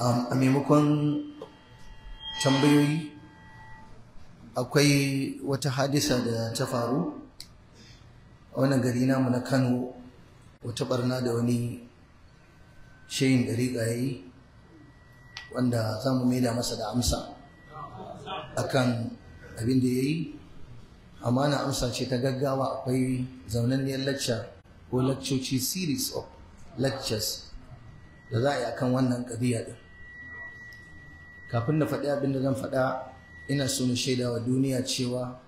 Um, a maimakon tambayoyi akwai wata hadisa da ta faru a wani gari namu na kano wata barna da wani shayin dariƙa ya yi wanda za mu maida masa da amsa akan abin da ya yi amma na amsa ce ta gaggawa akwai zaunanniyar lacca ko laccoci series of lectures da za a yi akan wannan ƙabiya din kafin na faɗi abin da zan faɗa ina so na shaida wa duniya cewa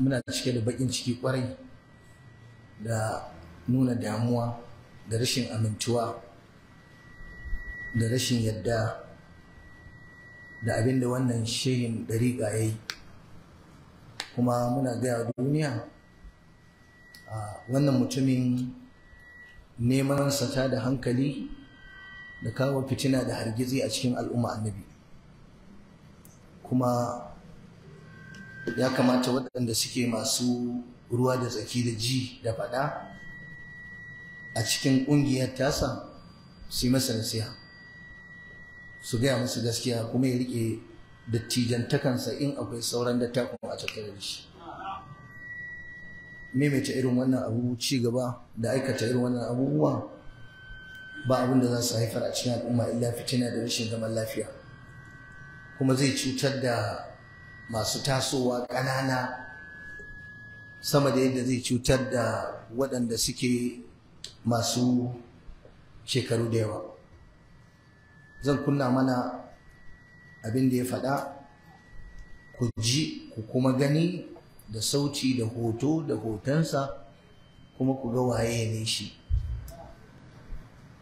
muna cike da baƙin ciki kwarai, da nuna damuwa da rashin amintuwa da rashin yadda da abin da wannan shehin ɗariƙa ya yi kuma muna gaya wa duniya wannan mutumin neman sata da hankali da kawo fitina da hargitsi a cikin al'umma annabi kuma ya kamata waɗanda suke masu ruwa da tsaki da ji da faɗa a cikin ƙungiyar tasa su yi masa nasiha su gaya masu gaskiya kuma ya riƙe dattijantakansa in akwai sauran dattakon a tattare da shi maimaita irin wannan abubuwa, ci gaba da aikata irin wannan abubuwa. ba abin da za su haifar a cikin al'umma illa fitina da rashin zaman lafiya kuma zai cutar da masu tasowa ƙanana sama da yadda zai cutar da waɗanda suke masu shekaru da yawa zan kunna mana abin da ya faɗa ku ji ku kuma gani da sauti da hoto da hotonsa kuma ku ga waye ne shi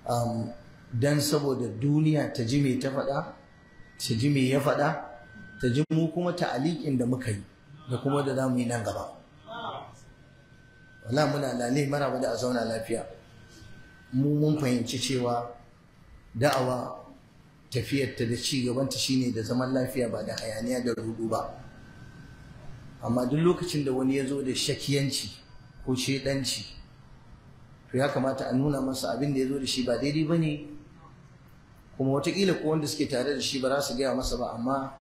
don saboda duniya ta ji me ta faɗa ta ji me ya faɗa ta ji mu kuma ta alikin da muka yi da kuma da zamu yi nan gaba wala muna lale mara da a zauna lafiya mu mun fahimci cewa da'awa tafiyarta da ci gabanta shine da zaman lafiya ba da hayaniya da rudu ba amma duk lokacin da wani ya zo da shakiyanci ko shedanci to ya kamata a nuna masa abin da ya zo da shi ba daidai ba ne kuma watakila ko wanda suke tare da shi ba za su gaya masa ba amma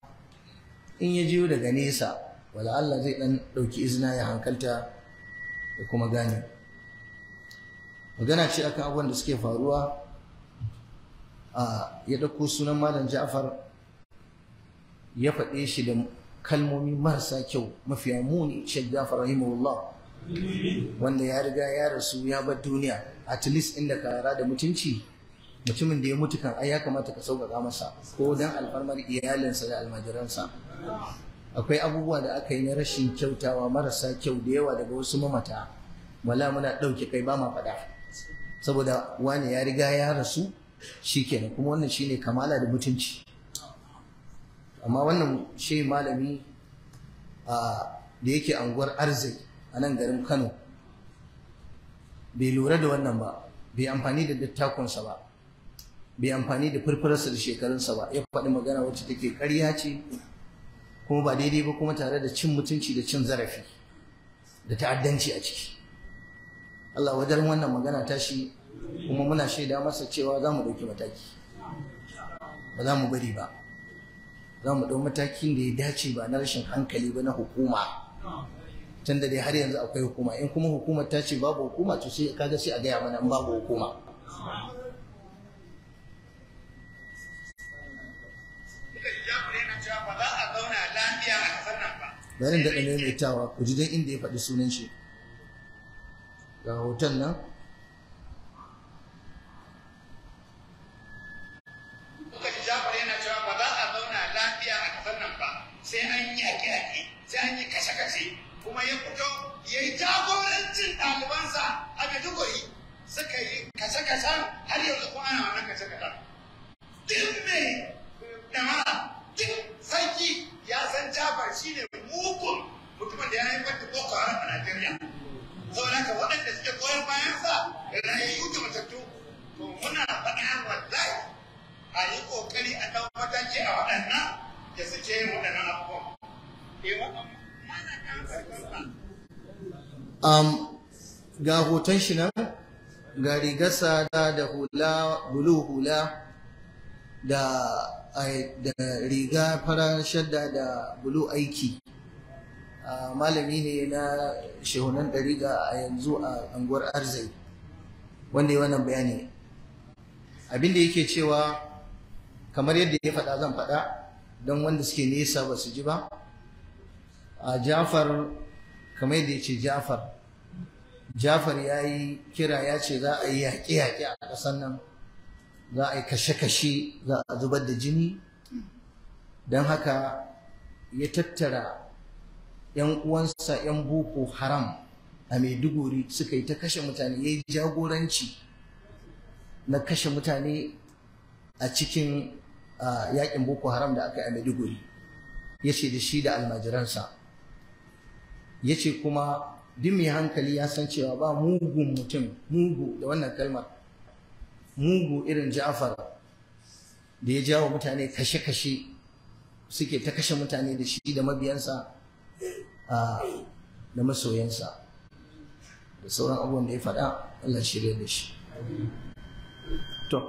in ya jiyo daga nesa wala Allah zai ɗan ɗauki izina ya hankalta da kuma gane magana ce akan abubuwan da suke faruwa a ya ɗauko sunan malam ja'far ya faɗe shi da kalmomi marasa kyau mafiya muni shek ja'far rahimahullah wanda ya riga ya rasu ya bar duniya at least inda ka rara da mutunci mutumin da ya mutu kan ai ya kamata ka sauƙaƙa masa ko dan alfarmar iyalinsa da almajiransa akwai abubuwa da aka yi na rashin kyautawa marasa kyau da yawa daga wasu mamata wala muna ɗauke kai ba ma faɗa saboda wani ya riga ya rasu shi kenan, kuma wannan shine kamala da mutunci amma wannan shi malami ah, da yake anguwar arziki a nan garin Kano bai lura da wannan ba bai amfani da dattakonsa ba bai amfani da furfurarsa da shekarunsa ba ya faɗi magana wacce take karya ce kuma ba daidai ba kuma tare da cin mutunci da cin zarafi da ta'addanci a ciki Allah wajen wannan magana tashi kuma muna shaida masa cewa za mu ɗauki mataki ba za mu bari ba za mu ɗau matakin da ya dace ba na rashin hankali ba na hukuma tun da dai har yanzu akwai hukuma in kuma hukumar ta ce babu hukuma to sai kaga sai a gaya mana in babu hukuma bari da ɗan maimaitawa ku ji dan inda ya faɗi sunan shi ga hoton nan ka har yanzu ko ana wannan kace kaɗan duk mai damara duk sarki ya san jafar shi ne mugun mutumin da ya haifar da boko haram a najeriya saboda haka waɗanda suke goyon bayansa sa da matattu to muna faɗa wallahi a yi ƙoƙari a ɗan mataki a waɗannan ya sake waɗannan abubuwan eh, ga hoton shi nan ga rigarsa da hula bulu hula da riga fara shadda da bulu aiki malami ne na shehunan ɗariga a yanzu a anguwar arzai wanda yi wannan bayani abinda yake cewa kamar yadda ya faɗa zan faɗa don wanda suke nesa ba su ji ba a jafar kamar yadda ya ce jafar Jafar ya yi kira ya ce za a yi yaƙe-yaƙe a ƙasar nan za a yi kashe-kashe za a zubar da jini don haka ya tattara 'yan uwansa 'yan boko haram a maiduguri suka yi ta kashe mutane ya yi jagoranci na kashe mutane a cikin yaƙin boko haram da aka yi a maiduguri ya ce da shi da almajiransa ya ce kuma duk mai hankali ya san cewa ba mugun mutum mugu da wannan kalmar mugu irin ja'far da ya jawo mutane kashe-kashe suke ta kashe mutane da shi da mabiyansa da masoyansa da sauran abubuwan da ya faɗa Allah shirya da shi to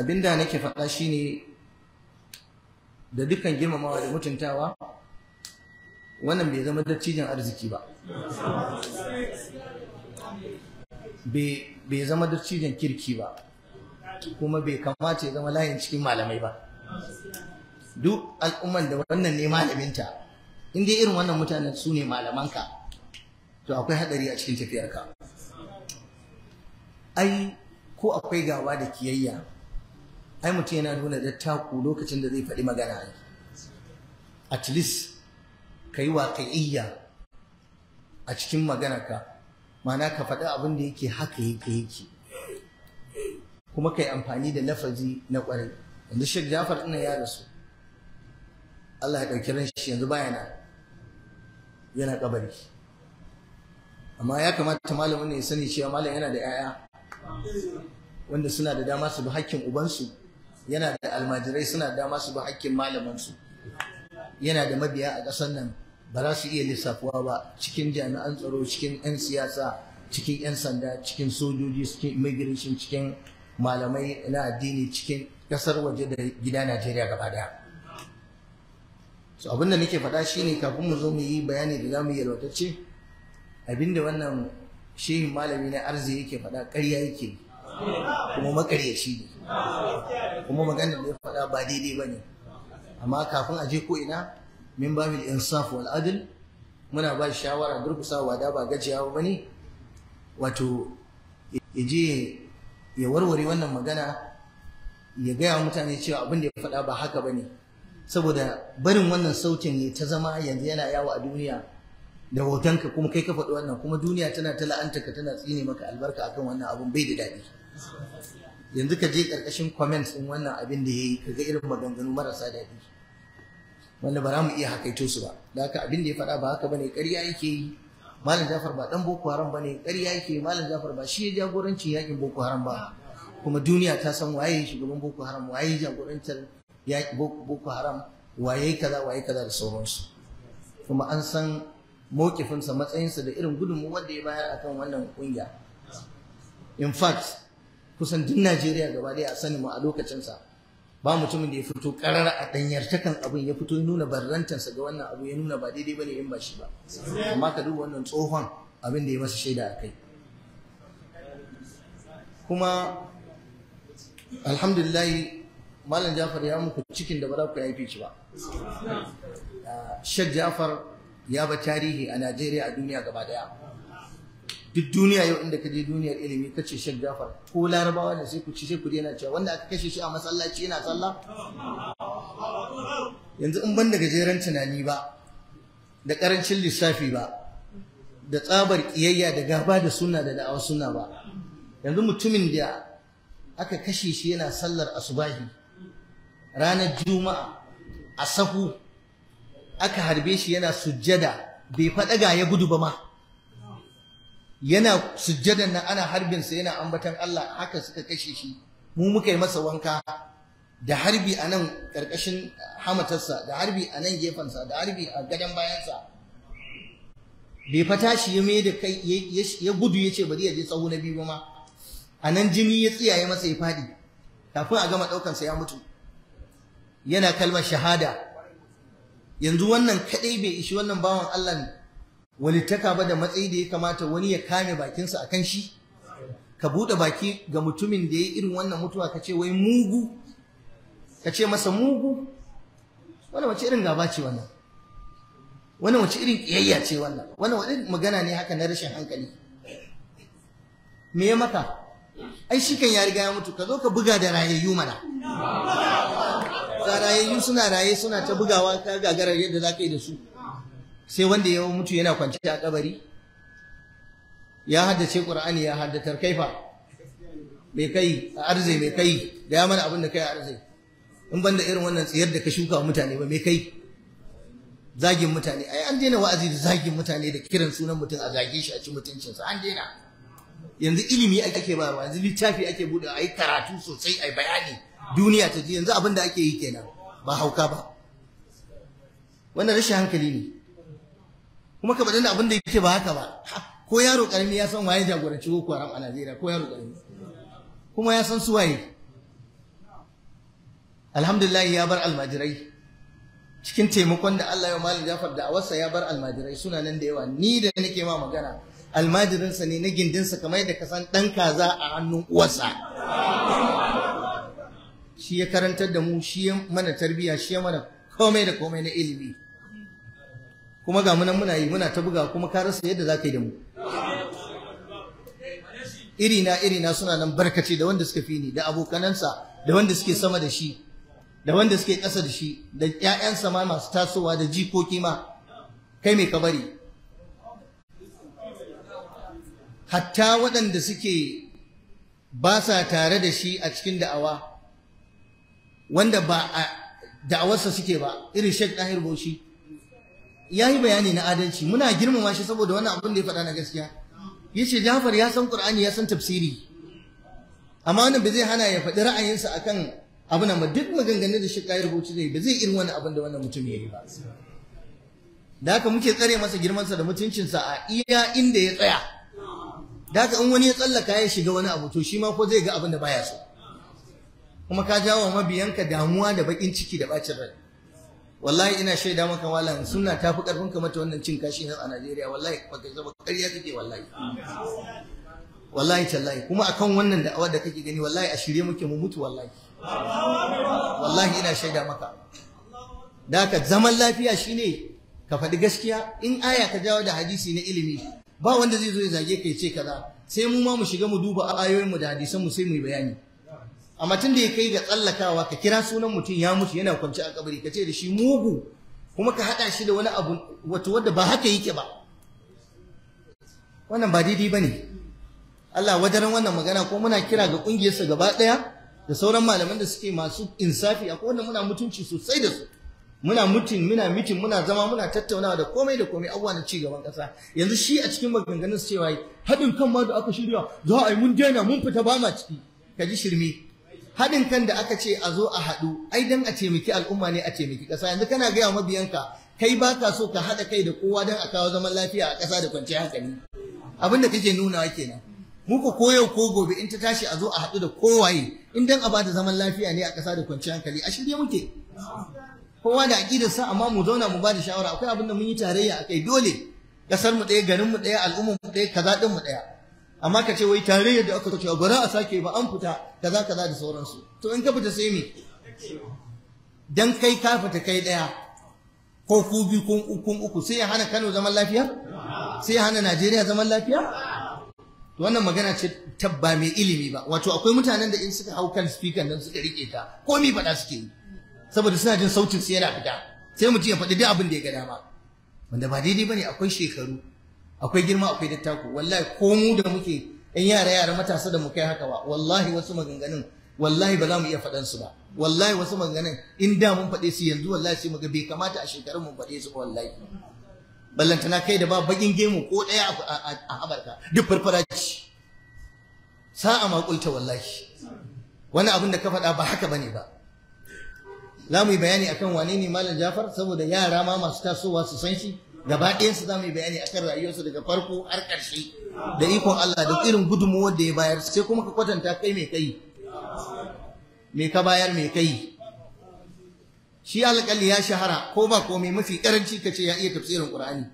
abinda nake faɗa shine da dukkan girmamawa da mutuntawa wannan bai zama dattijan arziki ba bai zama dattijan kirki ba kuma bai kamata ya zama layin cikin malamai ba duk al'umman da wannan ne malaminta in dai irin wannan mutanen su ne malamanka to akwai hadari a cikin tafiyarka ai ko akwai gawa da kiyayya ai mutum yana nuna dattaku lokacin da zai faɗi magana at least ka yi waƙi'iyya a cikin maganarka ma'ana ka faɗi abin da yake haka yake yake kuma ka yi amfani da lafazi na ƙwarai yanzu shek jafar ina ya rasu Allah ya ɗauki ran shi yanzu bayana yana ƙabari. amma ya kamata malamin ne ya sani cewa malam yana da 'ya'ya wanda suna da dama su bi hakkin ubansu yana da almajirai suna da dama su bi hakkin malamansu yana da mabiya a ƙasar nan ba za su iya lissafuwa ba cikin jami'an tsaro cikin 'yan siyasa cikin 'yan sanda cikin sojoji cikin immigration cikin malamai na addini cikin kasar waje da gida najeriya gaba daya so abinda nake faɗa shine kafin mu zo mu yi bayani da za mu yi yalwatacce abinda wannan shehin malami na arzi yake faɗa karya yake kuma makaryaci ne kuma maganar da ya faɗa ba daidai ba ne amma kafin a je ko ina min mil insaf wal adl muna ba shawara durkusa da ba gajiyawa bane wato ya ya warware wannan magana ya gaya wa mutane cewa abin da ya faɗa ba haka ba ne saboda barin wannan sautin ya ta zama yanzu yana yawo a duniya da hotonka kuma kai ka faɗi wannan kuma duniya tana ta la'antaka tana tsine maka albarka akan wannan abun bai da daɗi yanzu ka je ƙarƙashin comments ɗin wannan abin da ya yi ka ga irin maganganu marasa daɗi wanda ba za mu iya hakaito su ba da haka abin da ya faɗa ba haka bane ƙarya yake yi malam jafar ba dan boko haram bane ƙarya yake malam jafar ba shi ya jagoranci yakin boko haram ba kuma duniya ta san waye shugaban boko haram waye jagorantar yakin boko haram waye kaza waye kaza da sauransu kuma an san mokifinsa matsayinsa da irin gudunmuwar da ya bayar a kan wannan kungiya in fact kusan duk Najeriya gaba ɗaya a sani mu a lokacinsa ba mutumin da ya fito karara a takan abin ya fito nuna barrantansa ga wannan abu ya nuna ba daidai bane in ba shi ba amma ka duba wannan tsohon abin da ya masa shaida a kai kuma alhamdulillah malam jafar ya muku cikin da ba za ku haife shi ba shek jafar ya ba tarihi a najeriya a duniya gaba daya duk duniya yau inda ka je duniyar ilimi ka ce Sheikh Jafar ko Larabawa ne sai ku ci sai ku daina cewa wanda aka kashe shi a masallaci yana sallah yanzu in ban da gajeren tunani ba da karancin lissafi ba da tsabar kiyayya da gaba da sunna da da'awa sunna ba yanzu mutumin da aka kashe shi yana sallar asubahi ranar juma'a a sahu aka harbe shi yana sujjada bai faɗa ga ya gudu ba ma yana sujjadan nan ana harbin sa yana ambatan Allah haka suka kashe shi mu muka yi masa wanka da harbi a nan ƙarƙashin hamatarsa da harbi a nan sa, da harbi a gadon bayansa bai fata shi ya mai da kai ya gudu ya ce bari ya je tsawo na biyu ma a nan jini ya tsiyaye masa ya fadi kafin a gama ɗaukansa ya mutu yana kalmar shahada yanzu wannan kaɗai bai ishi wannan bawan Allah ne. walittaka ba da matsayi da ya kamata wani ya kame bakinsa a kan shi ka buɗe baki ga mutumin da ya irin wannan mutuwa ka ce wai mugu ka ce masa mugu wani wace irin gaba ce wannan wani wace irin ƙiyayya ce wannan wani wani magana ne haka na rashin hankali me ya maka ai shi kan ya riga ya mutu ka zo ka buga da rayayyu mana rayayyu suna raye suna ta bugawa ka gagarar yadda za ka yi da su sai wanda ya mutu yana kwance a kabari ya haddace ƙur'ani ya haddatar kaifa mai kai a arzai mai kai da ya mana abin da kai a arzai in banda irin wannan tsayar da ka shuka mutane ba mai kai zagin mutane ai an daina wa'azi da zagin mutane da kiran sunan mutum a zage shi a ci mutuncinsa an daina yanzu ilimi ake bayarwa yanzu littafi ake buɗe a yi karatu sosai a yi bayani duniya ta ji yanzu abin da ake yi kenan ba hauka ba wannan rashin hankali ne kuma ka faɗi abin da yake ba haka ba ko yaro karami ya san waye jagoranci boko haram a Najeriya ko yaro karami kuma ya san su waye alhamdulillah ya bar almajirai cikin taimakon da Allah ya malam Jafar da awarsa ya bar almajirai suna nan da yawa ni da nake ma magana almajirinsa ne na gindinsa kamar da kasan san ɗan kaza a hannun uwarsa shi ya karantar da mu shi ya mana tarbiyya shi mana komai da komai na ilimi kuma ga munan muna yi muna ta buga kuma ka rasa yadda za ka yi da mu irina irina suna nan barkace da wanda suka fi ni da abokanansa da wanda suke sama da shi da wanda suke ƙasa da shi da ƴaƴansa ma masu tasowa da jikoki ma kai mai ka bari hatta waɗanda suke ba sa tare da shi a cikin da'awa wanda ba a da'awarsa suke ba irin shek ɗahir boshi ya yi bayani na adalci muna girmama shi saboda wannan abin da ya faɗa na gaskiya ya ce jafar ya san ƙur'ani ya san tafsiri amma wannan ba zai hana ya faɗi ra'ayinsa akan abu nan duk maganganun da shi ƙayar rubutu zai ba zai irin wani abin da wannan mutum ya yi ba da haka muke tsare masa girmansa da mutuncinsa a iya inda ya tsaya da haka in wani ya tsallaka ya shiga wani abu to shi ma ko zai ga abin da baya so kuma ka jawo mabiyanka damuwa da bakin ciki da ɓacin rai wallahi ina shaida maka wala sunna ta fi karfin ka mata wannan cin kashi a Najeriya wallahi baka zaba ƙarya kake wallahi wallahi tallahi kuma akan wannan da awar da kake gani wallahi a shirye muke mu mutu wallahi wallahi ina shaida maka da ka zaman lafiya shine ka faɗi gaskiya in aya ka jawo da hadisi na ilimi ba wanda zai zo ya zage ka ya ce kaza sai mu ma mu shiga mu duba ayoyin mu da hadisan mu sai mu yi bayani amma tun da ya kai ga tsallakawa ka kira sunan mutum ya mutu yana kwance a kabari ka ce da shi mugu kuma ka haɗa shi da wani abu wato wadda ba haka yake ba wannan ba daidai ba ne Allah wajen wannan magana ko muna kira ga ƙungiyarsa gaba ɗaya da sauran malaman da suke masu insafi a kowanne muna mutunci sosai da su muna mutum muna mitin muna zama muna tattaunawa da komai da komai abuwa na cigaban ƙasa yanzu shi a cikin maganganun cewa haɗin kan ma da aka shirya za a yi mun daina mun fita ba ma ciki ka ji shirme haɗin kan da aka ce a zo a haɗu ai dan a taimaki al'umma ne a taimaki ƙasa yanzu kana gaya wa mabiyanka kai ba ka so ka haɗa kai da kowa don a kawo zaman lafiya a ƙasa da kwanciyar hankali abin da kake nunawa kenan muku ko yau ko gobe in ta tashi a zo a haɗu da kowaye in dan a bada zaman lafiya ne a ƙasa da kwanciyar hankali a shirye muke kowa da aƙidarsa amma mu zauna mu bada shawara akwai abin da mun yi tarayya a kai dole ƙasar mu ɗaya garin mu ɗaya al'umma mu ɗaya kaza ɗin mu ɗaya amma ka ce wai tarayyar da aka cewa bara a sake ba an fita kaza kaza da sauransu to in ka fita sai me dan kai ka fita kai daya ko ku bi kun kun uku sai ya hana Kano zaman lafiya sai ya hana Najeriya zaman lafiya wannan magana ce tabba mai ilimi ba wato akwai mutanen da in suka hau kan speaker nan suka rike ta komi faɗa suke yi saboda suna jin sautin su yana fita sai mutum ya faɗi duk abin da ya ga dama wanda ba daidai bane akwai shekaru akwai girma akwai dattako wallahi ko mu da muke yan yara yara matasa da mu kai haka ba wallahi wasu maganganun wallahi ba za mu iya faɗan su ba wallahi wasu maganganun in da mun faɗe su yanzu wallahi sai mu ga bai kamata a shekarun mu faɗe su ba wallahi ballantana kai da ba bakin gemu ko ɗaya a habarka duk farfara ce sa'a makulta wallahi wani abin da ka faɗa ba haka bane ba za mu yi bayani akan wane ne malam jafar saboda yara ma masu tasowa su san shi gaba ɗayansu za mu yi bayani akan rayuwarsu daga farko har ƙarshe da ikon Allah da irin gudunmuwar da ya bayar sai kuma ka kwatanta kai mai kai me ka bayar mai kai shi alƙali ya shahara ko ba komai mafi ƙaranci ka ce ya iya tafsirin Qur'ani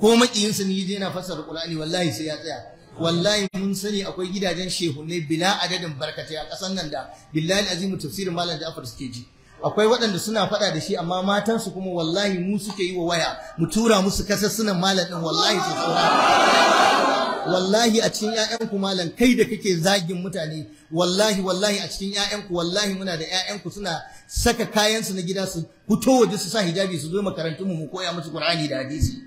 ko sa ni je na fassara Qur'ani wallahi sai ya tsaya wallahi mun sani akwai gidajen ne bila adadin barkatai a ƙasar nan da billahi azimu tafsirin malam Ja'far suke ji akwai waɗanda suna faɗa da shi amma matansu kuma wallahi mu suke yi wa waya mu tura musu suna malam ɗin wallahi su tsora wallahi a cikin ƴaƴanku malam kai da kake zagin mutane wallahi wallahi a cikin ƴaƴanku wallahi muna da ƴaƴanku suna saka kayansu na gida su fito waje su sa hijabi su zo makarantun mu mu koya musu Qur'ani da hadisi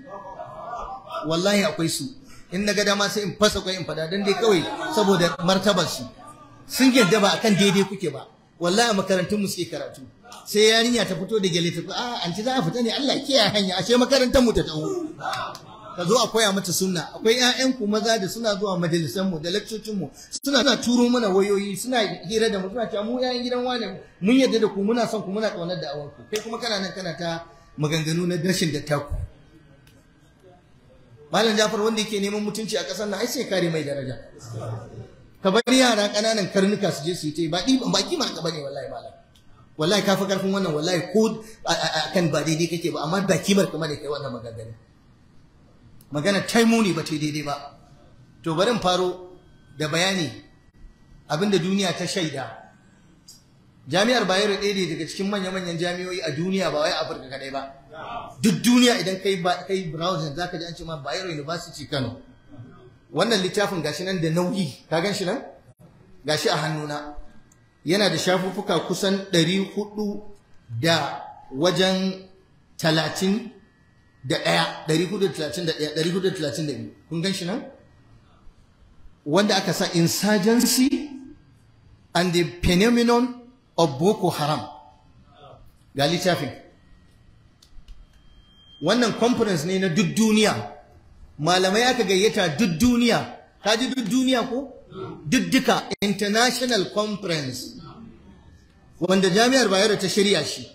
wallahi akwai su in na ga dama sai in fasa kwai in fada dan dai kawai saboda martabar su sun yadda ba akan daidai kuke ba wallahi makarantun mu suke karatu sai yarinya ta fito da gele ta ce ah, an ci za a fita ne Allah kiyaye hanya ashe makarantar mu ta taho ka zo a koya mata sunna akwai ƴaƴan ku maza da suna zuwa majalisan mu da lakcocin mu suna suna turo mana wayoyi suna hira da mu suna cewa mu ƴaƴan gidan wane mun yarda da ku muna son ku muna kaunar da awanku kai kuma kana nan kana ta maganganu na dashin da taku Malam Jafar wanda yake neman mutunci a ƙasar nan ai sai kare mai daraja ka bari yara ƙananan karnuka su je su yi ta ba ɗiban baki ma ka bane wallahi malam wallahi ka fi karfin wannan wallahi ko a kan ba daidai kake ba amma baki bar kuma da kai wannan maganganu magana taimuni ba ta daidai ba to bari in faro da bayani abinda duniya ta shaida jami'ar bayero ɗaya ne daga cikin manya-manyan jami'o'i a duniya ba wai afirka kaɗai ba duk duniya idan kai kai browsing za ka ji an ce ma bayero university kano wannan littafin gashi nan da nauyi ka gan shi nan gashi a hannuna yana da shafuffuka kusan ɗari da wajen talatin da ɗaya ɗari da talatin da ɗaya ɗari da talatin da kun gan shi nan wanda aka sa insurgency and the phenomenon of boko haram ga littafin wannan conference ne na duk duniya malamai aka gayyata duk duniya ka ji duk duniya ko duk duka international conference wanda jami'ar Bayero ta shirya shi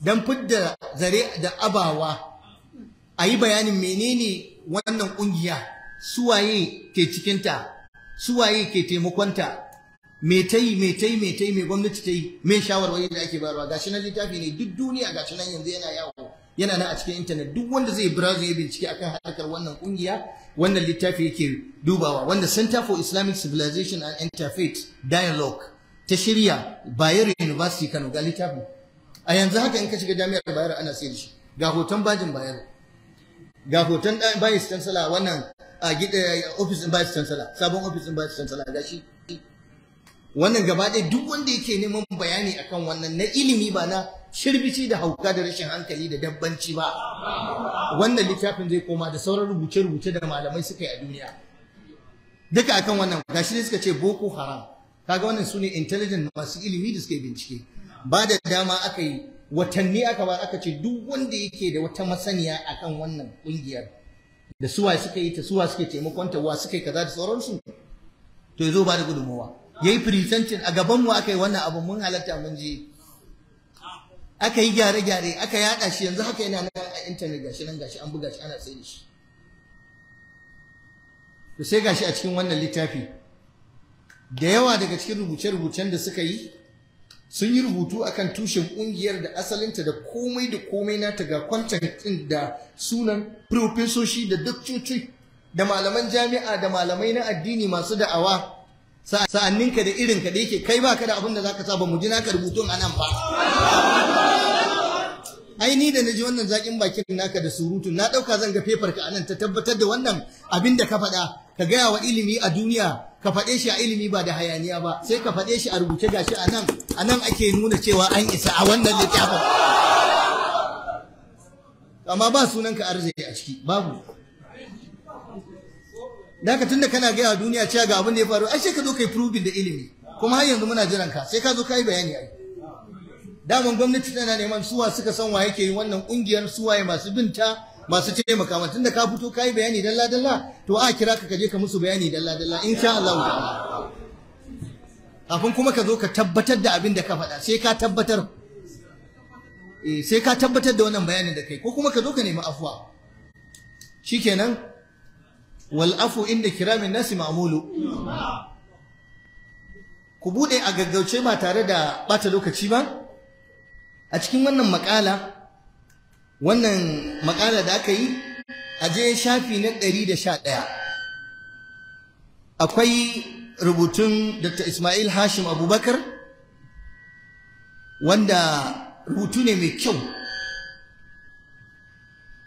don fidda zare da abawa a yi bayanin menene wannan kungiya suwaye ke cikinta suwaye ke taimakonta mai ta yi mai ta yi mai ta yi mai gwamnati ta yi mai shawarwari da ake bayarwa gashi na littafi ne duk duniya gashi nan yanzu yana yawo yana nan a cikin intanet duk wanda zai birazu ya bincike akan harkar wannan kungiya wannan littafi yake dubawa wanda Center for Islamic Civilization and Interfaith Dialogue ta shirya Bayero University Kano ga littafin a yanzu haka in ka shiga jami'ar Bayero ana sayar shi ga hoton bajin Bayero ga hoton Bayis Chancellor wannan a office din Bayis Chancellor sabon office din Bayis Chancellor ga shi wannan gaba ɗaya duk wanda yake neman bayani akan wannan na ilimi ba na shirbici da hauka da rashin hankali da dabbanci ba wannan littafin zai koma da sauran rubuce-rubuce da malamai suka yi a duniya duka akan wannan gashi ne suka ce boko haram kaga wannan sune intelligent masu ilimi da suke bincike ba da dama aka yi watanni aka ba aka ce duk wanda yake da wata masaniya akan wannan kungiyar da suwa suka yi ta suwa suke taimakon ta wa suka yi kaza da sauransu to yazo ba da gudunmawa yayi presenting a gaban mu aka yi wannan abu mun halatta mun je aka yi gyare-gyare aka yada shi yanzu haka yana nan a intanet gashi nan gashi an buga shi ana sai da shi to sai gashi a cikin wannan littafi da yawa daga cikin rubuce-rubucen da suka yi sun yi rubutu akan tushen kungiyar da asalinta da komai da komai nata ga kwantakin da sunan profesoshi da dakcoci da malaman jami'a da malamai na addini masu da'awa sa'anninka da irinka da yake kai baka da abin da zaka saba mu ji naka rubutun anan ba ai ni da naji wannan zakin bakin naka da surutu na ɗauka zan ga fefarka anan ta tabbatar da wannan abin da ka faɗa ka gaya wa ilimi a duniya ka faɗe shi a ilimi ba da hayaniya ba sai ka faɗe shi a rubuce ga a nan a nan ake nuna cewa an isa a wannan littafin amma ba sunan ka arziki a ciki babu Da ka tunda kana gaya duniya cewa ga abin da ya faru ai sai ka zo kai proving da ilimi kuma har yanzu muna jiran ka sai ka zo kai bayani ai daman gwamnati tana neman suwa suka san wa yake yi wannan kungiyar suwaye masu binta masu taimaka ma tunda ka fito kai bayani dalla dalla to a kira ka kaje ka musu bayani dalla dalla insha Allah ta'ala kafin kuma ka zo ka tabbatar da abin da ka faɗa sai ka tabbatar eh sai ka tabbatar da wannan bayanin da kai ko kuma ka zo ka nemi afuwa shikenan wal afu inda kiramin nasi ma'mulu ku bude a gaggauce ba tare da bata lokaci ba a cikin wannan makala wannan makala da aka yi a je shafi na ɗari da sha ɗaya akwai rubutun dr ismail hashim abubakar wanda rubutu ne mai kyau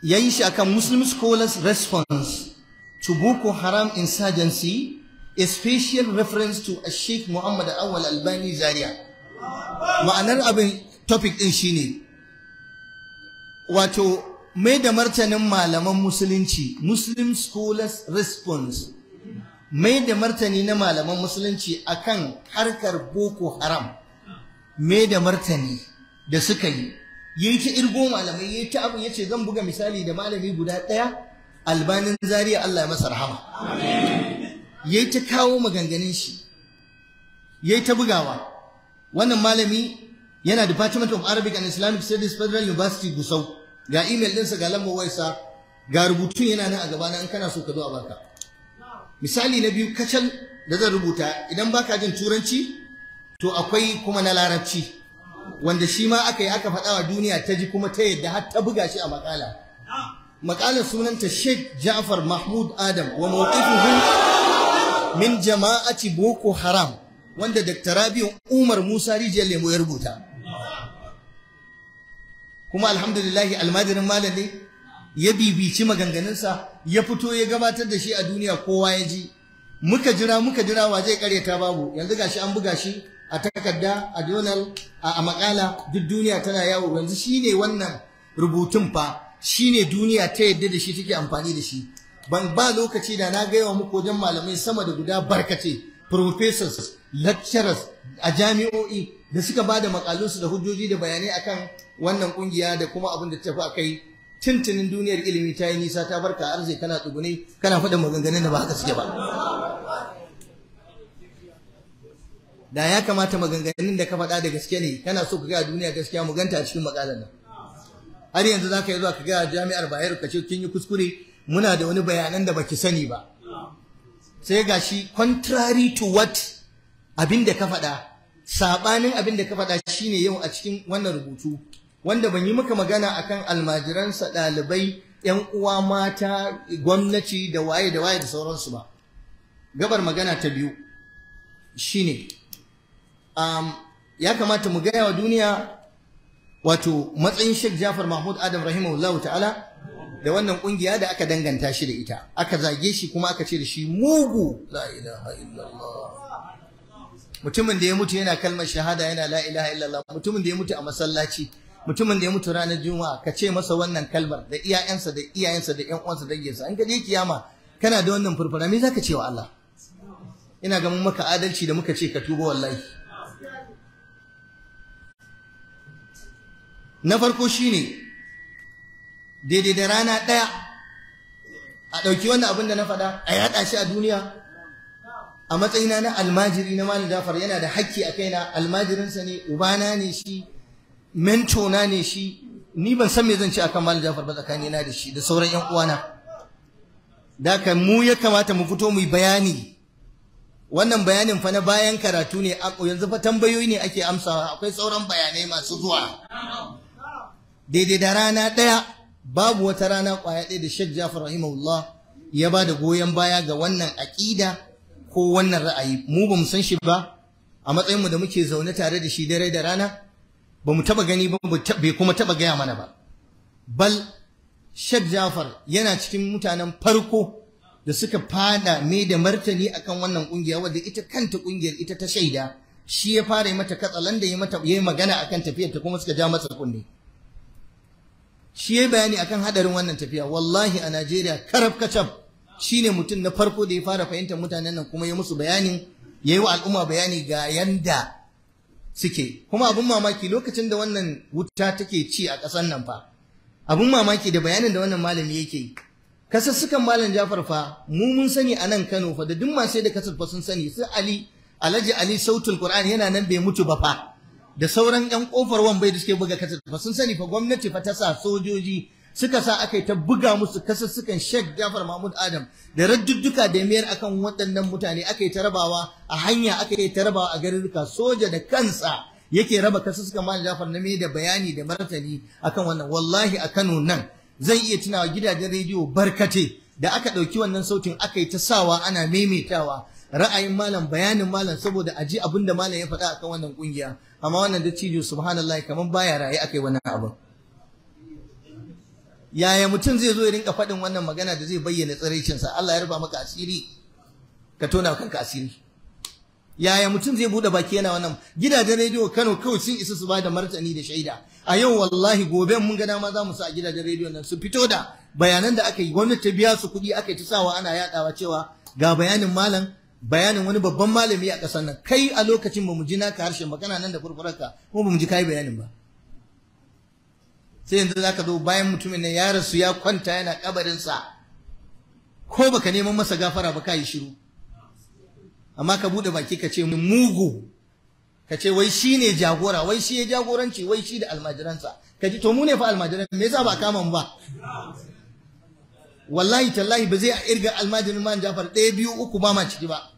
ya yi shi akan muslim scholars response to boko haram insurgency a special reference to a sheikh muhammad awal albani zaria ma'anar abin topic din shine wato mai da martanin malaman musulunci muslim scholars response mai da martani na malaman musulunci akan harkar boko haram mai da martani da suka yi ya yi ta irgo malamai ya yi ta abin ya ce zan buga misali da malami guda ɗaya albanin zariya Allah ya masa rahama ya yi ta kawo maganganin shi ya yi ta bugawa wannan malami yana Department of Arabic and Islamic Studies Federal University Gusau ga email ɗinsa ga lambar wayarsa ga rubutun yana nan a gaba na an kana so ka zo a baka misali na biyu kacal da zan rubuta idan baka jin turanci to akwai kuma na larabci wanda shi ma aka yi aka faɗa wa duniya ta ji kuma ta yadda har ta buga shi a makala makalar sunanta Sheikh Ja'far Mahmud Adam wa mawqifuhu min jama'ati Boko Haram wanda Dr. Rabiu Umar Musa Rijiyar Lemo ya rubuta kuma alhamdulillahi almajirin almadarin ne ya bibici maganganunsa ya fito ya gabatar da shi a duniya kowa ya ji muka jira muka jira wa zai karyata babu yanzu gashi an buga shi a takarda a journal a makala duk duniya tana yawo yanzu shine wannan rubutun fa shine duniya ta yadda da shi take amfani da shi ban ba lokaci da na gaya wa muku wajen malamai sama da guda barkace professors lecturers a jami'o'i da suka ba da makalinsu da hujjoji da bayanai akan wannan kungiya da kuma abin da ta tafi akai tuntunin duniyar ilimi ta yi nisa ta barka arziki kana tsugune kana faɗin maganganun da ba haka suke ba da ya kamata maganganun da ka faɗa da gaske ne kana so ka ga duniya gaskiya mu ganta cikin makalar nan har yanzu za ka yi zuwa ka ga jami'ar bayero ka ce kin yi kuskure muna da wani bayanan da baki sani ba sai gashi contrary to what abin da ka faɗa sabanin abin da ka faɗa shine yau a cikin wannan rubutu wanda ban yi muka magana akan almajiransa ɗalibai yan uwa mata gwamnati da waye da waye da sauransu ba gabar magana ta biyu shine um, ya kamata mu gaya wa duniya wato matsayin Sheikh Jafar Mahmud Adam rahimahullahu ta'ala da wannan kungiya da aka danganta shi da ita aka zage shi kuma aka ce da shi mugu la ilaha illallah mutumin da ya mutu yana kalmar shahada yana la ilaha illallah mutumin da ya mutu a masallaci mutumin da ya mutu ranar juma'a ka ce masa wannan kalmar da iyayensa da iyayensa da ƴan uwansa da gidansa an ga je kiyama kana da wannan furfura me zaka ce wa Allah ina ga mun maka adalci da muka ce ka tuba wallahi na farko shine daidai da rana ɗaya a ɗauki wannan abin da na faɗa a yaɗa shi a duniya a matsayina na almajiri na Malam Jafar yana da hakki a kaina almajirinsa ne ubana ne shi mentona ne shi ni ban san me zan ci akan Malam Jafar ba tsakanina da shi da sauran yan uwana daka mu ya kamata mu fito mu bayani wannan bayanin fa na bayan karatu ne yanzu fa tambayoyi ne ake amsawa akwai sauran bayanai masu zuwa daidai da rana ɗaya babu wata rana kwaya ɗaya da Sheikh Jafar rahimahullah ya ba da goyon baya ga wannan aƙida ko wannan ra'ayi mu ba mu san shi ba a matsayin mu da muke zaune tare da shi dare da rana ba mu taba gani ba bai kuma taba gaya mana ba bal Sheikh Jafar yana cikin mutanen farko da suka fada mai da martani akan wannan kungiya wadda ita kanta kungiyar ita ta shaida shi ya fara yi mata katsalan da ya yi magana akan tafiyar ta kuma suka ja masa kunne shi ya bayani akan hadarin wannan tafiya wallahi a Najeriya karab kacab Shi ne mutum na farko da ya fara fahimtar mutanen nan kuma ya musu bayani ya yi wa al'umma bayani ga yanda suke kuma abin mamaki lokacin da wannan wuta take ci a ƙasar nan fa abin mamaki da bayanin da wannan malami yake yi sukan malam jafar fa mu mun sani a nan kano fa da duk masu da kasar fa sun sani su ali alhaji ali sautul qur'an yana nan bai mutu ba fa da sauran yan kofar wan bai da suke buga kasar fa sun sani fa gwamnati fa ta sa sojoji suka sa aka ta buga musu kasassukan Sheikh Jafar Mahmud Adam da raddudduka da miyar akan waɗannan mutane aka ta rabawa a hanya aka ta rabawa a garuruka soja da kansa yake raba kasassukan Malam Jafar na da bayani da martani akan wannan wallahi a Kano nan zan iya tunawa gidajen rediyo barkate da aka ɗauki wannan sautin aka ta sawa ana maimaitawa ra'ayin malam bayanin malam saboda a ji abin da malam ya faɗa akan wannan kungiya amma wannan da dattijo subhanallah kamar baya raye akai wannan abin yaya mutum zai zo ya rinka faɗin wannan magana da zai bayyana tsiraicinsa Allah ya rufa maka asiri ka tona kanka asiri yaya mutum zai buɗe baki yana wannan gidajen rediyo Kano kawai sun isa su bada martani da shaida a yau wallahi gobe mun ga dama za mu sa a gidajen rediyo nan su fito da bayanan da aka yi gwamnati ta biya su kuɗi aka yi ta sawa ana yaɗawa cewa ga bayanin malam bayanin wani babban malami a ƙasar nan kai a lokacin ba mu ji naka harshen magana kana nan da furfurarka kuma ba mu ji kai bayanin ba sai yanzu zaka zo bayan mutumin nan ya rasu ya kwanta yana kabarinsa ko baka neman masa gafara ba ka yi shiru amma ka bude baki ka ce mugu ka ce wai shi ne jagora wai shi ya jagoranci wai shi da almajiransa ka ji to mu ne fa almajiran me yasa ba kama mu ba wallahi tallahi ba zai a irga almajirin man jafar ɗaya biyu uku ba ma ciki ba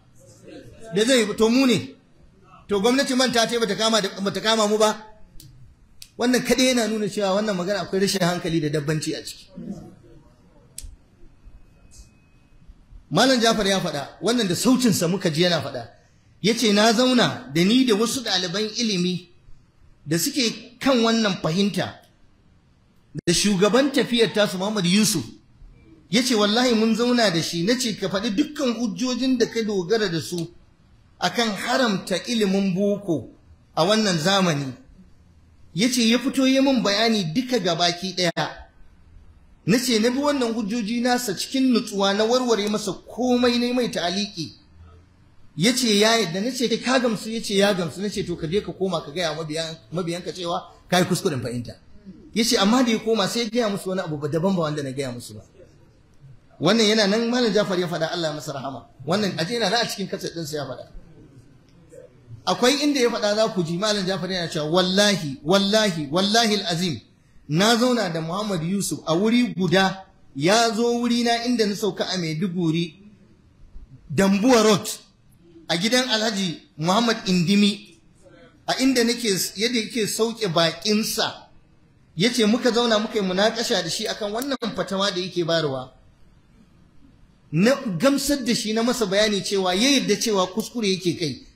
da zai to mu ne to gwamnati man ta ce bata kama mu ba wannan kaɗai yana nuna cewa wannan magana akwai rashin hankali da dabbanci a ciki Malam Jafar ya faɗa wannan da saucinsa muka ji yana faɗa Ya ce na zauna da ni da wasu ɗaliban ilimi da suke kan wannan fahimta da shugaban tafiyar tasu Muhammad Yusuf ya ce wallahi mun zauna da shi na ce ka faɗi dukkan hujjojin da ka dogara da su akan haramta ilimin boko a wannan zamani yace ya fito ya min bayani duka gabaki daya nace na bi wannan hujjoji nasa cikin nutsuwa na warware masa komai ne mai ta'aliki yace ya yadda nace ka gamsu yace ya gamsu nace to ka ka koma ka gaya mabiyan mabiyanka cewa kai kuskuren fahimta yace amma da ya koma sai ya gaya musu wani abu daban ba wanda na gaya musu ba wannan yana nan malam Jafar ya faɗa Allah ya masa rahama wannan aje yana nan a cikin kasar ɗinsa ya faɗa akwai inda ya faɗa za ku ji malam Jafar yana cewa wallahi wallahi wallahi azim na zauna da Muhammad Yusuf a wuri guda ya zo wuri na inda na sauka a Maiduguri Dambuwa Road a gidan Alhaji Muhammad Indimi a inda nake yadda yake sauke bakinsa ce muka zauna muka yi munakasha da shi akan wannan fatawa da yake barwa na gamsar da shi na masa bayani cewa ya yarda cewa kuskure yake kai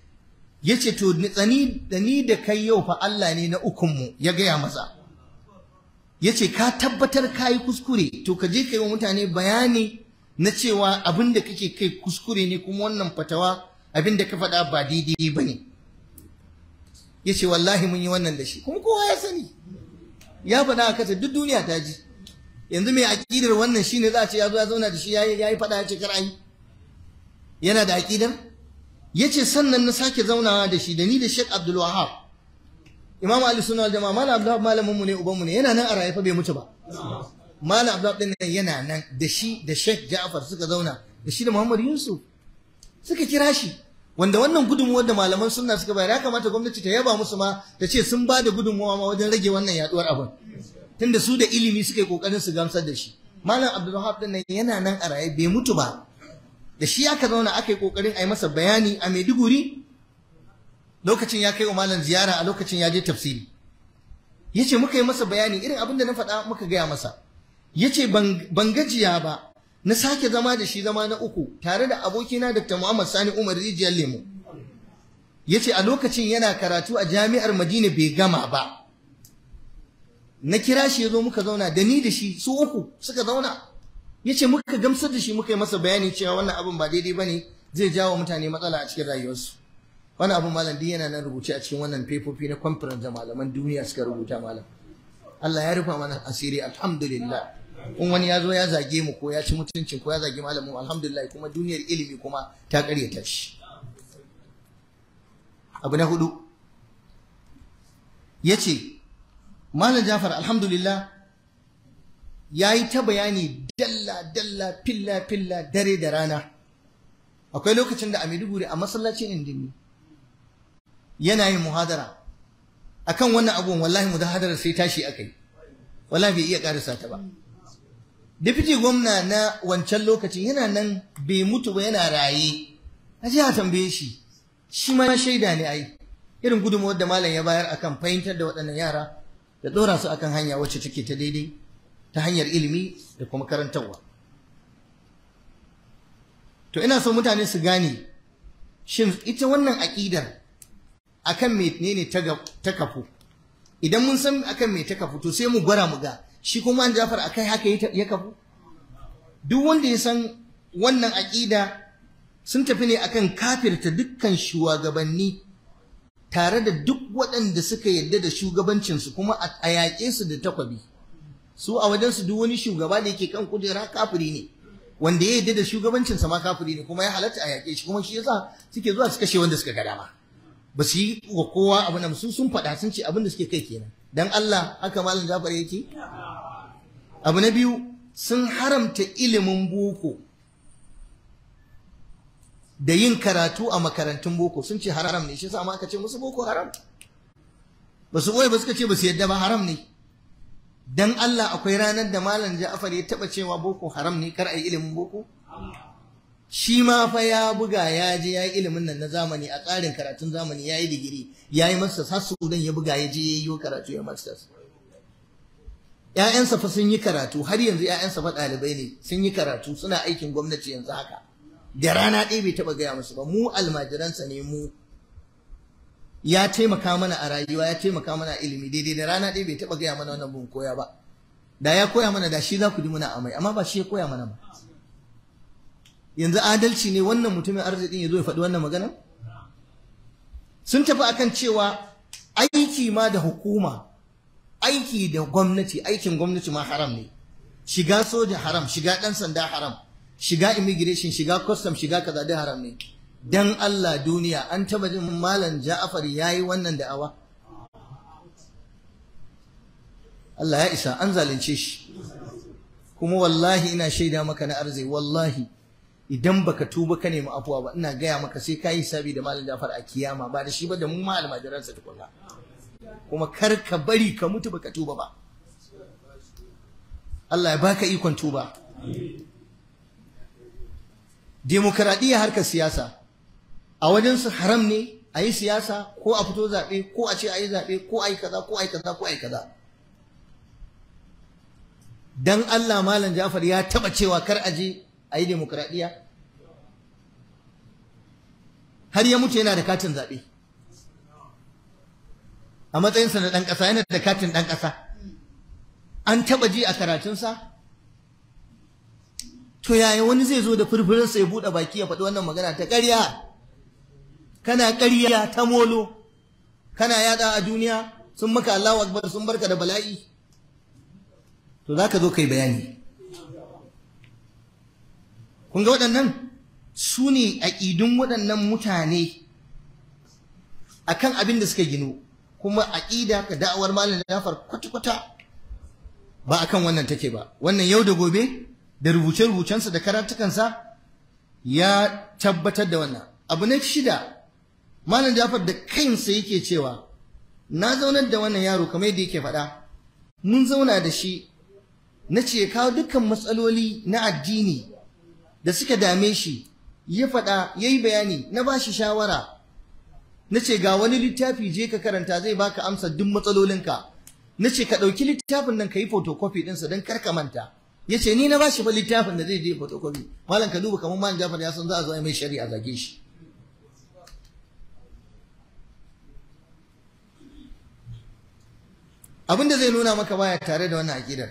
ya ce to ni da kai yau fa Allah ne na ukunmu ya gaya masa ya ce ka tabbatar ka yi kuskure to ka je ka yi wa mutane bayani na cewa abin kake kai kuskure ne kuma wannan fatawa abin ka faɗa ba daidai ba ne ya ce wallahi mun yi wannan da shi kuma kowa ya sani ya faɗa a kasa duk duniya ta ji yanzu mai aƙidar wannan shine za a ce ya zo ya zauna da shi ya yi faɗa ya ce kar a yi yana da aƙidar Ya ce sannan na sake zaunawa da shi da ni da Sheikh Abdul Wahab Imam Ali Sunna wal Jama'a Malam Abdul malamin mu ne uban mu ne yana nan a raye fa bai mutu ba Malam Abdul din nan yana nan da shi da Sheikh Ja'far suka zauna da shi da Muhammad Yusuf suka kira shi wanda wannan gudunmuwar da malaman sunna suka bayar ya kamata gwamnati ta yaba musu ma ta ce sun ba da gudunmuwa ma wajen rage wannan yaduwar abin tunda su da ilimi suka yi kokarin su gamsar da shi Malam Abdul Wahab din nan yana nan a raye bai mutu ba da shi ya ka zauna aka yi kokarin a yi masa bayani a Maiduguri lokacin ya kai wa malam ziyara a lokacin ya je tafsiri Ya ce muka yi masa bayani irin abin da na faɗa muka gaya masa Ya ce ban gajiya ba na sake zama da shi zama na uku tare da abokina Dr. Muhammad Sani Umar Rijiyar Lemo Ya ce a lokacin yana karatu a jami'ar Madina bai gama ba na kira shi ya zo muka zauna da ni da shi su uku suka zauna ya ce muka gamsar da shi muka yi masa bayani cewa wannan abin ba daidai ba ne zai jawo mutane matsala a cikin rayuwarsu wani abin malam din yana nan rubuce a cikin wannan fefofi na kwamfuran da malaman duniya suka rubuta malam Allah ya rufa mana asiri alhamdulillah in wani ya zo ya zage mu ko ya ci mutuncin ko ya zage malamin alhamdulillah kuma duniyar ilimi kuma ta karyata shi abu na hudu ya ce malam jafar alhamdulillah ya yi ta bayani dalla dalla filla filla dare da rana akwai lokacin da a buri a masallacin indimi yana yin muhadara kan wannan abubuwan wallahi muhadarar sai tashi akai wallahi bai iya karisa ta ba Difiti gwamna na wancan lokacin yana nan bai mutu ba yana raye a ji a tambaye shi shi ma shaida ne a yi. irin gudunmawar da malam ya bayar akan fahimtar da waɗannan yara da ɗora su akan hanya wacce take ta daidai ta hanyar ilimi da kuma karantarwa to ina so mutane su gane shin ita wannan aƙidar akan ne ta kafu idan mun san akan mai ta kafu to sai mu gwara mu ga shi kuma an jafar akai haka ya kafu duk wanda ya san wannan aƙida sun tafi ne akan kafirta dukkan shugabanni tare da duk waɗanda suka yadda da shugabancinsu kuma a yaƙe su da takwabi su a wajen su duk wani shugaba da yake kan kujera kafiri ne wanda ya yi da shugabancin sa ma kafiri ne kuma ya halatta a yaƙe shi kuma shi yasa suke zuwa su kashe wanda suka ga dama ba su yi wa kowa abu na su sun faɗa sun ce abin da suke kai kenan dan Allah haka malam Jafar yake abu na biyu sun haramta ilimin boko da yin karatu a makarantun boko sun ce haram ne shi yasa ma aka ce musu boko haram ba su ba suka ce ba su yadda ba haram ne dan Allah akwai ranar da malam Ja'far ya taba cewa boko haram ne kar ai ilimin boko shi ma fa ya buga ya je ya yi ilimin nan na zamani a tsarin karatun zamani ya yi digiri ya yi har su dan ya buga ya je ya yi karatu ya masters ‘Ya'yansa fa sun yi karatu har yanzu ‘ya'yansa fa ɗalibai ne sun yi karatu suna aikin gwamnati yanzu haka da rana ɗaya bai taba gaya musu ba mu almajiransa ne mu ya taimaka mana a rayuwa ya taimaka mana ilimi daidai da rana ɗaya bai taɓa gaya mana wannan bin koya ba da ya koya mana da shi za ku ji muna amai amma ba shi ya koya mana ba yanzu adalci ne wannan mutumin arzikin ya zo ya faɗi wannan magana sun tafi akan cewa aiki ma da hukuma aiki da gwamnati aikin gwamnati ma haram ne shiga soja haram shiga ɗan sanda haram shiga immigration shiga custom shiga kaza da haram ne dan Allah duniya an taba jin malam Ja'far yayi wannan da'awa Allah ya isa an zalunce shi kuma wallahi ina shaida maka na arzai wallahi idan baka tuba ka nemi afuwa ba ina gaya maka sai ka yi sabi da malam Ja'far a kiyama ba da shi ba da mu ma sa tukunna kuma kar ka bari ka mutu baka tuba ba Allah ya baka ikon tuba demokradiya harkar siyasa a wajensu haram ne a yi siyasa ko a fito zaɓe ko a ce a yi zaɓe ko a yi kaza ko a yi kaza ko a yi kaza Don Allah malam Jafar ya taɓa cewa kar a je a yi demokradiyya har ya mutu yana da katin zaɓe a matsayinsa na ɗan ƙasa yana da katin ɗan ƙasa an taɓa ji a karatunsa to yaya wani zai zo da furfurinsa ya buɗe baki ya faɗi wannan magana ta ƙarya kana ƙarya ta molo kana yada a duniya sun maka Allahu akbar sun barka da bala'i to zaka zo kai bayani kun ga waɗannan su ne aƙidun waɗannan mutane akan abin da suka gino kuma aƙida ka da'awar malam Jafar kwata-kwata ba akan wannan take ba wannan yau da gobe da rubuce-rubucensa da karatukansa ya tabbatar da wannan abu na shida malam jafar da kansa yake cewa na zaunar da wannan yaro kamar yadda yake faɗa mun zauna da shi na ce kawo dukkan matsaloli na addini da suka dame shi ya faɗa ya yi bayani na ba shi shawara na ce ga wani littafi je ka karanta zai baka amsa duk matsalolinka na ce ka ɗauki littafin nan ka yi photocopy ɗinsa don kar ka manta ya ce ni na ba shi fa littafin da zai je photocopy malam ka duba kamar malam jafar ya san za a zo a mai shari'a zage shi abin da zai nuna maka baya tare da wannan aqidar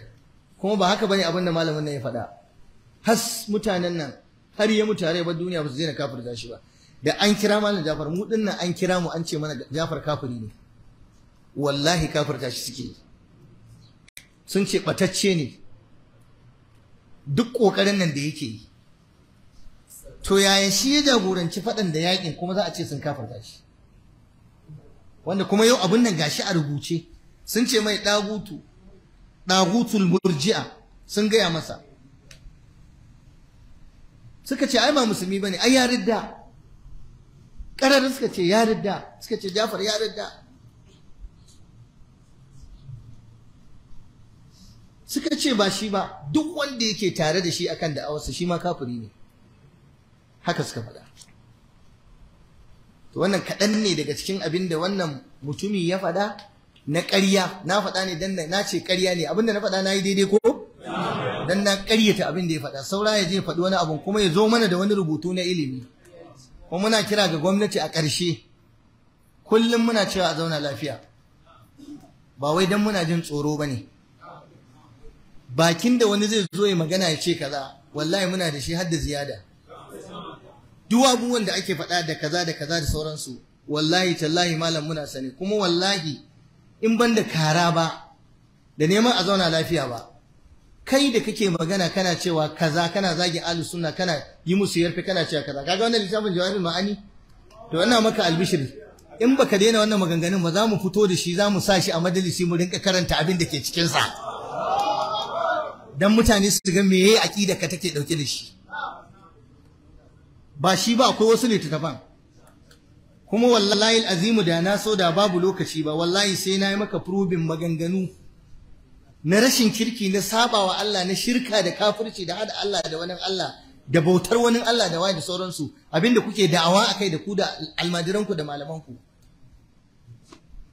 kuma ba haka bane abin da malamin nan ya faɗa has mutanen nan har ya mutu ba duniya ba su daina kafirta shi ba da an kira malam Jafar mu din nan an kira mu an ce mana Jafar kafiri ne wallahi kafirta shi suke sun ce batacce ne duk kokarin nan da yake yi to yaya shi ya jagoranci faɗan da yakin kuma za a ce sun kafirta shi wanda kuma yau abin nan gashi a rubuce sun ce mai ɗagutu ɗagutul murji'a sun gaya masa suka ce ai ma musulmi bane ai ya ridda ƙarar suka ce ya ridda suka ce jafar ya ridda suka ce ba shi ba duk wanda yake tare da shi akan da'awarsa shi ma kafiri ne haka suka faɗa to wannan kaɗan ne daga cikin abin da wannan mutumi ya faɗa na ƙarya na faɗa ne dan na ce ƙarya ne abinda na faɗa na yi daidai ko dan na ƙaryata abin da ya faɗa saura ya je faɗi wani abu kuma ya zo mana da wani rubutu na ilimi kuma muna kira ga gwamnati a ƙarshe kullum muna cewa a zauna lafiya ba wai dan muna jin tsoro ne. bakin da wani zai zo ya magana ya ce kaza wallahi muna da shi hadda ziyada duk abubuwan da ake faɗa da kaza da kaza da sauransu wallahi tallahi malam muna sani kuma wallahi in ban da kara ba da neman a zauna lafiya ba kai da kake magana kana cewa kaza kana zagi ahlus sunna kana yi musu yarfe kana cewa kaza kaga wannan littafin jawahirul ma'ani to ina maka albishiri in baka daina wannan maganganun ba za mu fito da shi za mu sa shi a majalisi mu rinka karanta abin da ke cikin sa dan mutane su ga meye aqida ka take dauke da shi ba shi ba akwai wasu littattafan kuma wallahi azimu da na so da babu lokaci ba wallahi sai na yi maka furubin maganganu na rashin kirki na sabawa Allah na shirka da kafirci da hada Allah da wani Allah da bautar wani Allah da wani da sauransu abinda kuke da'awa akai da ku da almajiranku da malamanku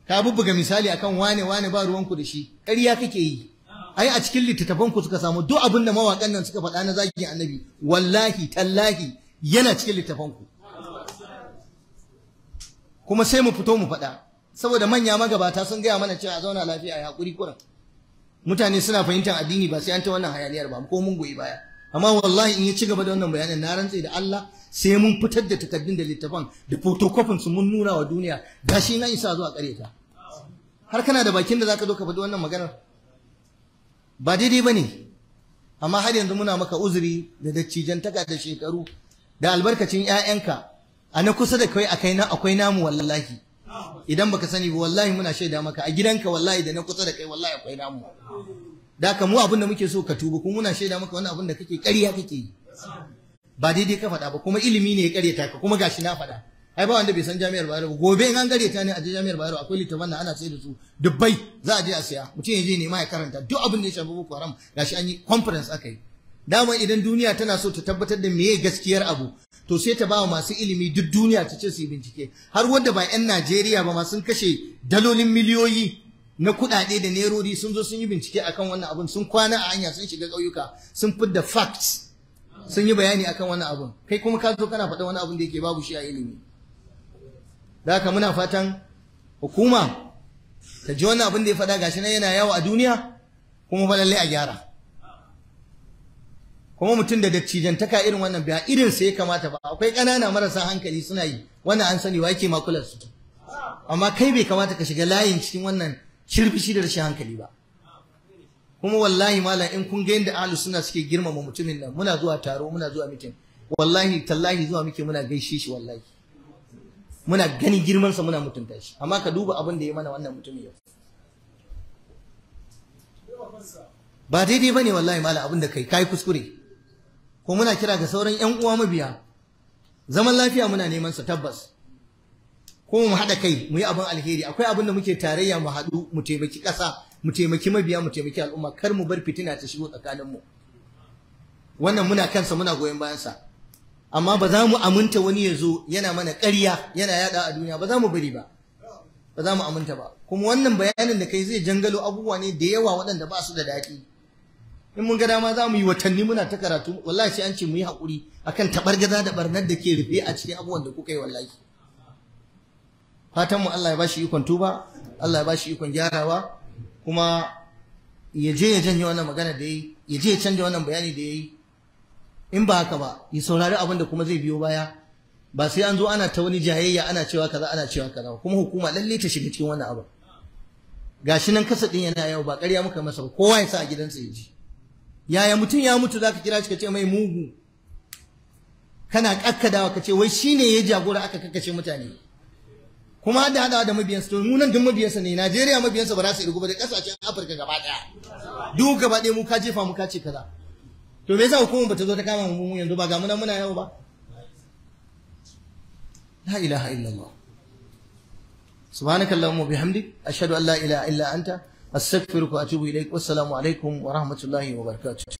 ka bubbuga misali akan wane wane ba ruwanku da shi ƙarya kake yi ai a cikin littattafanku suka samu duk abin da mawaƙan nan suka faɗa na zagin annabi wallahi tallahi yana cikin littattafanku kuma sai mu fito mu faɗa saboda manya magabata sun gaya mana cewa zauna lafiya ya haƙuri kuran. mutane suna fahimtar addini ba sai an ta wannan hayaniyar ba ko mun goyi baya amma wallahi in ya ci gaba da wannan bayanin na rantse da Allah sai mun fitar da takardun da littafan da photocopies su mun nuna wa duniya gashi na isa zuwa kare ta har kana da bakin da zaka zo ka faɗi wannan maganar ba daidai bane amma har yanzu muna maka uzuri da dattijan taka da shekaru da albarkacin 'ya'yanka a na kusa da kai akai na akwai namu wallahi idan baka sani ba wallahi muna shaida maka a gidanka wallahi da na kusa da kai wallahi akwai namu da ka mu abin da muke so ka tuba kuma muna shaida maka wani abin da kake ƙarya kake yi ba daidai ka faɗa ba kuma ilimi ne ya ƙaryata ka kuma gashi na faɗa ai ba wanda bai san jami'ar Bayero gobe in an ƙaryata ne a je jami'ar Bayero akwai littafan da ana sai da su dubbai za a je a siya mutum ya je nema ya karanta duk abin da ya shafi Boko Haram gashi an yi conference aka yi dama idan duniya tana so ta tabbatar da meye gaskiyar abu to sai ta bawa masu ilimi duk duniya ta ce su bincike har wanda ba 'yan Najeriya ba ma sun kashe dalolin miliyoyi na kuɗaɗe da nerori sun zo sun yi bincike akan wannan abun sun kwana a hanya sun shiga ƙauyuka sun da facts sun yi bayani akan wannan abun kai kuma ka zo kana faɗa wani abun da yake babu shi a ilimi da haka muna fatan hukuma ta ji wannan abin da ya faɗa gashi nan yana yawo a duniya kuma fa a gyara kuma mutum da dattijantaka irin wannan biya irin sa ya kamata ba akwai ƙanana marasa hankali suna yi wannan an sani wa yake makular su amma kai bai kamata ka shiga layin cikin wannan shirfishi da rashin hankali ba kuma wallahi malam in kun ga yadda ahlus suna suke girmama mutumin nan muna zuwa taro muna zuwa mitin wallahi tallahi zuwa muke muna gaishe shi wallahi muna gani girman sa muna mutunta shi amma ka duba abin da ya mana wannan mutumin yau ba daidai bane wallahi malam abin da kai kai kuskure ko muna kira ga sauran yan uwa mabiya zaman lafiya muna neman sa tabbas ko mu haɗa kai mu yi abin alheri akwai abin da muke tarayya mu haɗu mu taimaki ƙasa mu taimaki mabiya mu taimaki al'umma kar mu bar fitina ta shigo tsakanin mu wannan muna kansa muna goyon bayan sa amma ba za mu aminta wani ya zo yana mana ƙarya yana yada a duniya ba za mu bari ba ba za mu aminta ba kuma wannan bayanin da kai zai jangalo abubuwa ne da yawa waɗanda ba su da daɗi in mun ga dama za mu yi watanni muna ta karatu wallahi sai an ce mu yi haƙuri akan tabargaza da barnar da ke rufe a cikin abubuwan da kuka yi wallahi fatan mu Allah ya bashi ikon tuba Allah ya bashi ikon gyarawa kuma ya je ya janye wannan magana da yayi ya je ya canja wannan bayani da yayi in ba haka ba ya saurari abin da kuma zai biyo baya ba sai an zo ana ta wani jayayya ana cewa kaza ana cewa kaza kuma hukuma lalle ta shiga cikin wannan abu gashi nan kasa din yana yau ba ƙarya muka masa ba kowa ya sa a gidansa ya ji yaya mutum ya mutu zaka kira shi ka ce mai mugu kana kakkadawa ka ce wai shine ya jagora aka kakkace mutane kuma da hadawa da mabiyansa to mu nan duk mabiyansa ne Najeriya mabiyansa ba za su irgu ba da kasashen Afirka gaba daya duk gaba daya mu ka jefa mu ka ce kaza to me yasa hukumar bata zo ta kama mu yanzu ba ga muna muna yau ba la ilaha illallah subhanakallahumma bihamdik ashhadu an la ilaha illa anta astaghfiruka wa atubu ilaik wassalamu alaikum wa rahmatullahi wa barakatuh